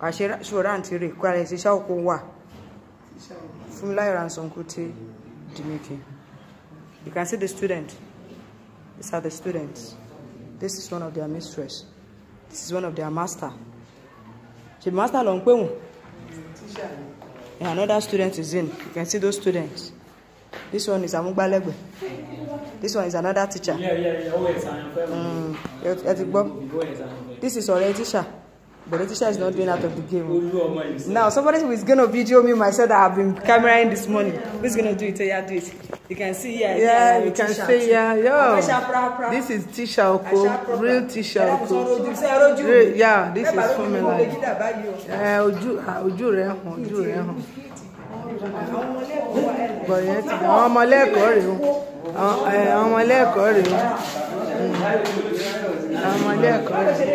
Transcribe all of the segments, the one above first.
assurance rẹ̀ kó ara ẹ̀ ṣiṣẹ́ òkú wà fún láì ransom tí di you can see the student these are the students this is one of their mistress this is one of their master ṣe master ló ń pè wọ́n and another student is in you can see those students this one is amúgbálẹ́gbẹ̀ this one is another teacher yeah, mm, ẹ ti gbọ́ this is ọ̀rẹ́ teacher but the teacher is not doing out of the game. Now, somebody who is going to video me myself that I've been cameraing this morning, who's going to do it? So, oh, yeah, do it. You can see here. Yeah, yeah uh, you can see here. Yo, this is Tisha Oko, real Tisha Oko. yeah, this is formula. Yeah, ojú, ah, ojú rẹ̀ hàn, ojú rẹ̀ hàn. Bọ̀yẹ̀ ti àwọn ọmọ lẹ́kọ̀ọ́ rèé o. Eh,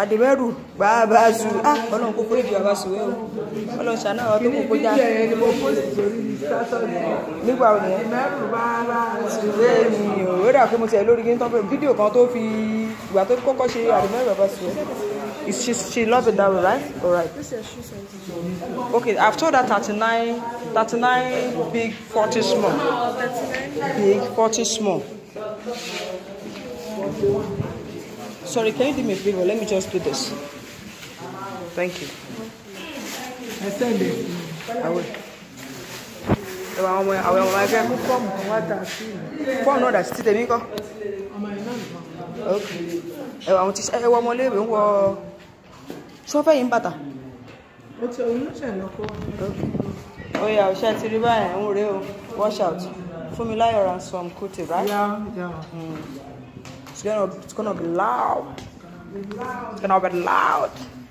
àdìbẹ́rù bàbá su ah ọlọ́run kò kó ìdí bàbá su ẹ o ọlọ́run ṣàná àwọn tó kò kó já nígbà wo nìyẹn ṣùgbọ́n mi ò pé mo ti lórí kí pé fídíò kan tó fi ìgbà tó kọ́kọ́ ṣe àdìbẹ́rù bàbá su ẹ she she love it that way right alright okay I've told her thirty nine thirty nine big forty small big forty small. Sorry, can you do me a favor? Let me just do this. Thank you. I send it. I will. Àwọn ọmọ àwọn ọmọ ẹgbẹ́ mú fọ́ọ̀mù kan wá dà i. Fọ́ọ̀mù náà dà sí títẹ̀ mí kọ́. Ọmọ ẹ̀ náà nìkan. Ẹ̀wọ̀ àwọn tíṣà ẹ̀wọ̀ ọmọléèwé ń wọ sọ́fẹ̀ yìí ń bàtà. Mo ti òun lọ́sẹ̀ lọ kó wá. Oye àwòṣẹ́ ti rí báyìí ń rèé o right? Yeah, yeah. Mm. It's gonna, it's gonna be loud. It's gonna be loud.